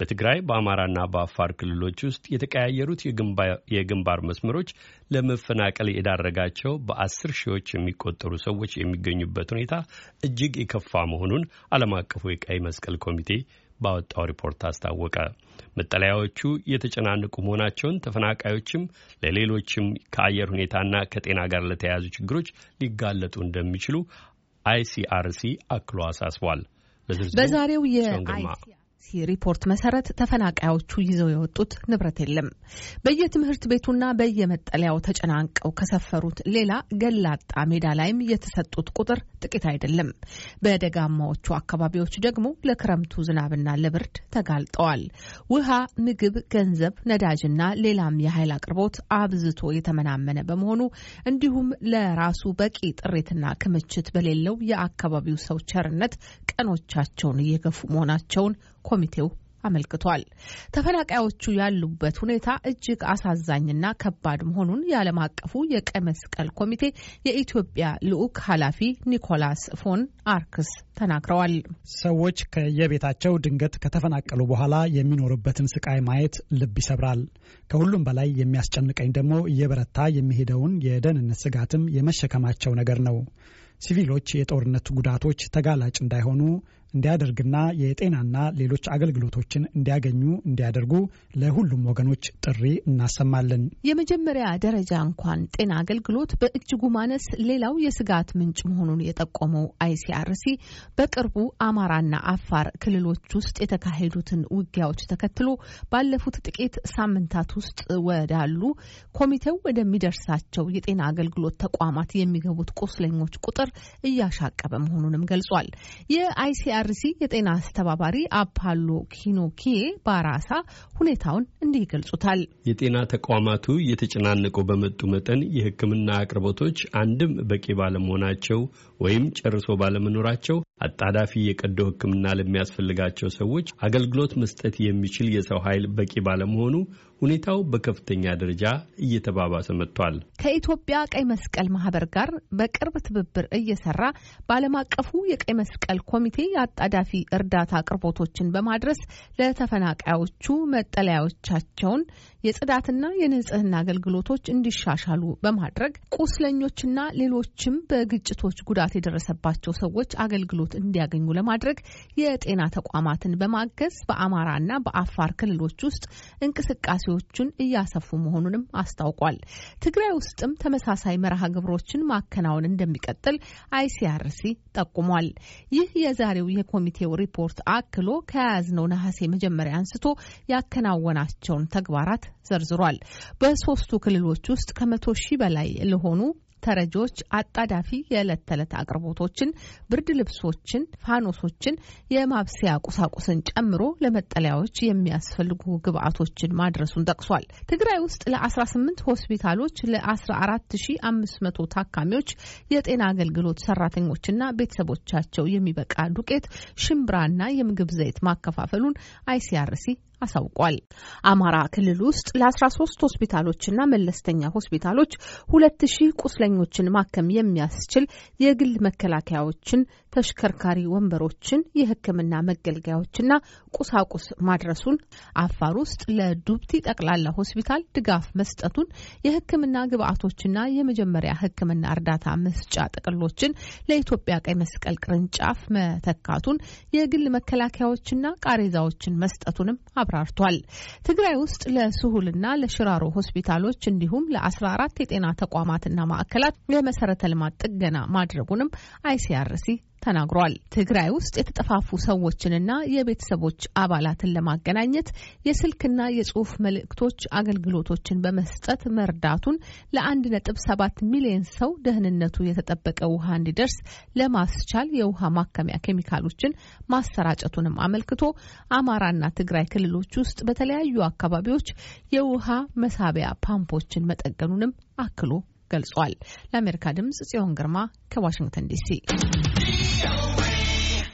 በትግራይ በአማራና በአፋር ክልሎች ውስጥ የተቀያየሩት የግንባር መስመሮች ለመፈናቀል የዳረጋቸው በአስር ሺዎች የሚቆጠሩ ሰዎች የሚገኙበት ሁኔታ እጅግ የከፋ መሆኑን ዓለም አቀፉ የቀይ መስቀል ኮሚቴ ባወጣው ሪፖርት አስታወቀ። መጠለያዎቹ የተጨናነቁ መሆናቸውን ተፈናቃዮችም ለሌሎችም ከአየር ሁኔታና ከጤና ጋር ለተያያዙ ችግሮች ሊጋለጡ እንደሚችሉ አይሲአርሲ አክሎ አሳስቧል። በዛሬው ሪፖርት መሰረት ተፈናቃዮቹ ይዘው የወጡት ንብረት የለም። በየትምህርት ቤቱና በየመጠለያው ተጨናንቀው ከሰፈሩት ሌላ ገላጣ ሜዳ ላይም የተሰጡት ቁጥር ጥቂት አይደለም። በደጋማዎቹ አካባቢዎች ደግሞ ለክረምቱ ዝናብና ለብርድ ተጋልጠዋል። ውሃ፣ ምግብ፣ ገንዘብ፣ ነዳጅና ሌላም የኃይል አቅርቦት አብዝቶ የተመናመነ በመሆኑ እንዲሁም ለራሱ በቂ ጥሪትና ክምችት በሌለው የአካባቢው ሰው ቸርነት ቀኖቻቸውን እየገፉ መሆናቸውን ኮሚቴው አመልክቷል። ተፈናቃዮቹ ያሉበት ሁኔታ እጅግ አሳዛኝና ከባድ መሆኑን የዓለም አቀፉ የቀይ መስቀል ኮሚቴ የኢትዮጵያ ልዑክ ኃላፊ ኒኮላስ ፎን አርክስ ተናግረዋል። ሰዎች ከየቤታቸው ድንገት ከተፈናቀሉ በኋላ የሚኖሩበትን ስቃይ ማየት ልብ ይሰብራል። ከሁሉም በላይ የሚያስጨንቀኝ ደግሞ እየበረታ የሚሄደውን የደህንነት ስጋትም የመሸከማቸው ነገር ነው። ሲቪሎች የጦርነት ጉዳቶች ተጋላጭ እንዳይሆኑ እንዲያደርግና የጤናና ሌሎች አገልግሎቶችን እንዲያገኙ እንዲያደርጉ ለሁሉም ወገኖች ጥሪ እናሰማለን። የመጀመሪያ ደረጃ እንኳን ጤና አገልግሎት በእጅጉ ማነስ ሌላው የስጋት ምንጭ መሆኑን የጠቆመው አይሲአርሲ በቅርቡ አማራና አፋር ክልሎች ውስጥ የተካሄዱትን ውጊያዎች ተከትሎ ባለፉት ጥቂት ሳምንታት ውስጥ ወዳሉ ኮሚቴው ወደሚደርሳቸው የጤና አገልግሎት ተቋማት የሚገቡት ቁስለኞች ቁጥር እያሻቀበ መሆኑንም ገልጿል። የአርሲ የጤና አስተባባሪ አፓሎ ኪኖኪዬ ባራሳ ሁኔታውን እንዲህ ይገልጹታል። የጤና ተቋማቱ እየተጨናነቁ በመጡ መጠን የሕክምና አቅርቦቶች አንድም በቂ ባለመሆናቸው ወይም ጨርሶ ባለመኖራቸው አጣዳፊ የቀዶ ሕክምና ለሚያስፈልጋቸው ሰዎች አገልግሎት መስጠት የሚችል የሰው ኃይል በቂ ባለመሆኑ ሁኔታው በከፍተኛ ደረጃ እየተባባሰ መጥቷል። ከኢትዮጵያ ቀይ መስቀል ማህበር ጋር በቅርብ ትብብር እየሰራ በዓለም አቀፉ የቀይ መስቀል ኮሚቴ የአጣዳፊ እርዳታ አቅርቦቶችን በማድረስ ለተፈናቃዮቹ መጠለያዎቻቸውን የጽዳትና የንጽህና አገልግሎቶች እንዲሻሻሉ በማድረግ ቁስለኞችና ሌሎችም በግጭቶች ጉዳት የደረሰባቸው ሰዎች አገልግሎት እንዲያገኙ ለማድረግ የጤና ተቋማትን በማገዝ በአማራና በአፋር ክልሎች ውስጥ እንቅስቃሴዎቹን እያሰፉ መሆኑንም አስታውቋል። ትግራይ ውስጥም ተመሳሳይ መርሃ ግብሮችን ማከናወን እንደሚቀጥል አይሲአርሲ ጠቁሟል። ይህ የዛሬው የኮሚቴው ሪፖርት አክሎ ከያዝነው ነሐሴ መጀመሪያ አንስቶ ያከናወናቸውን ተግባራት ዘርዝሯል። በሶስቱ ክልሎች ውስጥ ከመቶ ሺህ በላይ ለሆኑ ተረጂዎች አጣዳፊ የዕለት ተዕለት አቅርቦቶችን፣ ብርድ ልብሶችን፣ ፋኖሶችን፣ የማብሰያ ቁሳቁስን ጨምሮ ለመጠለያዎች የሚያስፈልጉ ግብዓቶችን ማድረሱን ጠቅሷል። ትግራይ ውስጥ ለ18 ሆስፒታሎች ለ14500 ታካሚዎች፣ የጤና አገልግሎት ሰራተኞችና ቤተሰቦቻቸው የሚበቃ ዱቄት፣ ሽምብራና የምግብ ዘይት ማከፋፈሉን አይሲአርሲ አሳውቋል። አማራ ክልል ውስጥ ለ13 ሆስፒታሎችና መለስተኛ ሆስፒታሎች ሁለት ሺህ ቁስለኞችን ማከም የሚያስችል የግል መከላከያዎችን ተሽከርካሪ ወንበሮችን፣ የሕክምና መገልገያዎችና ቁሳቁስ ማድረሱን፣ አፋር ውስጥ ለዱብቲ ጠቅላላ ሆስፒታል ድጋፍ መስጠቱን፣ የሕክምና ግብአቶችና የመጀመሪያ ሕክምና እርዳታ መስጫ ጥቅሎችን ለኢትዮጵያ ቀይ መስቀል ቅርንጫፍ መተካቱን፣ የግል መከላከያዎችና ቃሬዛዎችን መስጠቱንም አብራርቷል። ትግራይ ውስጥ ለስሁልና ለሽራሮ ሆስፒታሎች እንዲሁም ለ14 የጤና ተቋማትና ማዕከላት የመሰረተ ልማት ጥገና ማድረጉንም አይሲአርሲ ተናግሯል። ትግራይ ውስጥ የተጠፋፉ ሰዎችንና የቤተሰቦች አባላትን ለማገናኘት የስልክና የጽሁፍ መልእክቶች አገልግሎቶችን በመስጠት መርዳቱን ለአንድ ነጥብ ሰባት ሚሊዮን ሰው ደህንነቱ የተጠበቀ ውሃ እንዲደርስ ለማስቻል የውሃ ማከሚያ ኬሚካሎችን ማሰራጨቱንም አመልክቶ አማራና ትግራይ ክልሎች ውስጥ በተለያዩ አካባቢዎች የውሃ መሳቢያ ፓምፖችን መጠገኑንም አክሎ ገልጿል። ለአሜሪካ ድምጽ ጽዮን ግርማ ከዋሽንግተን ዲሲ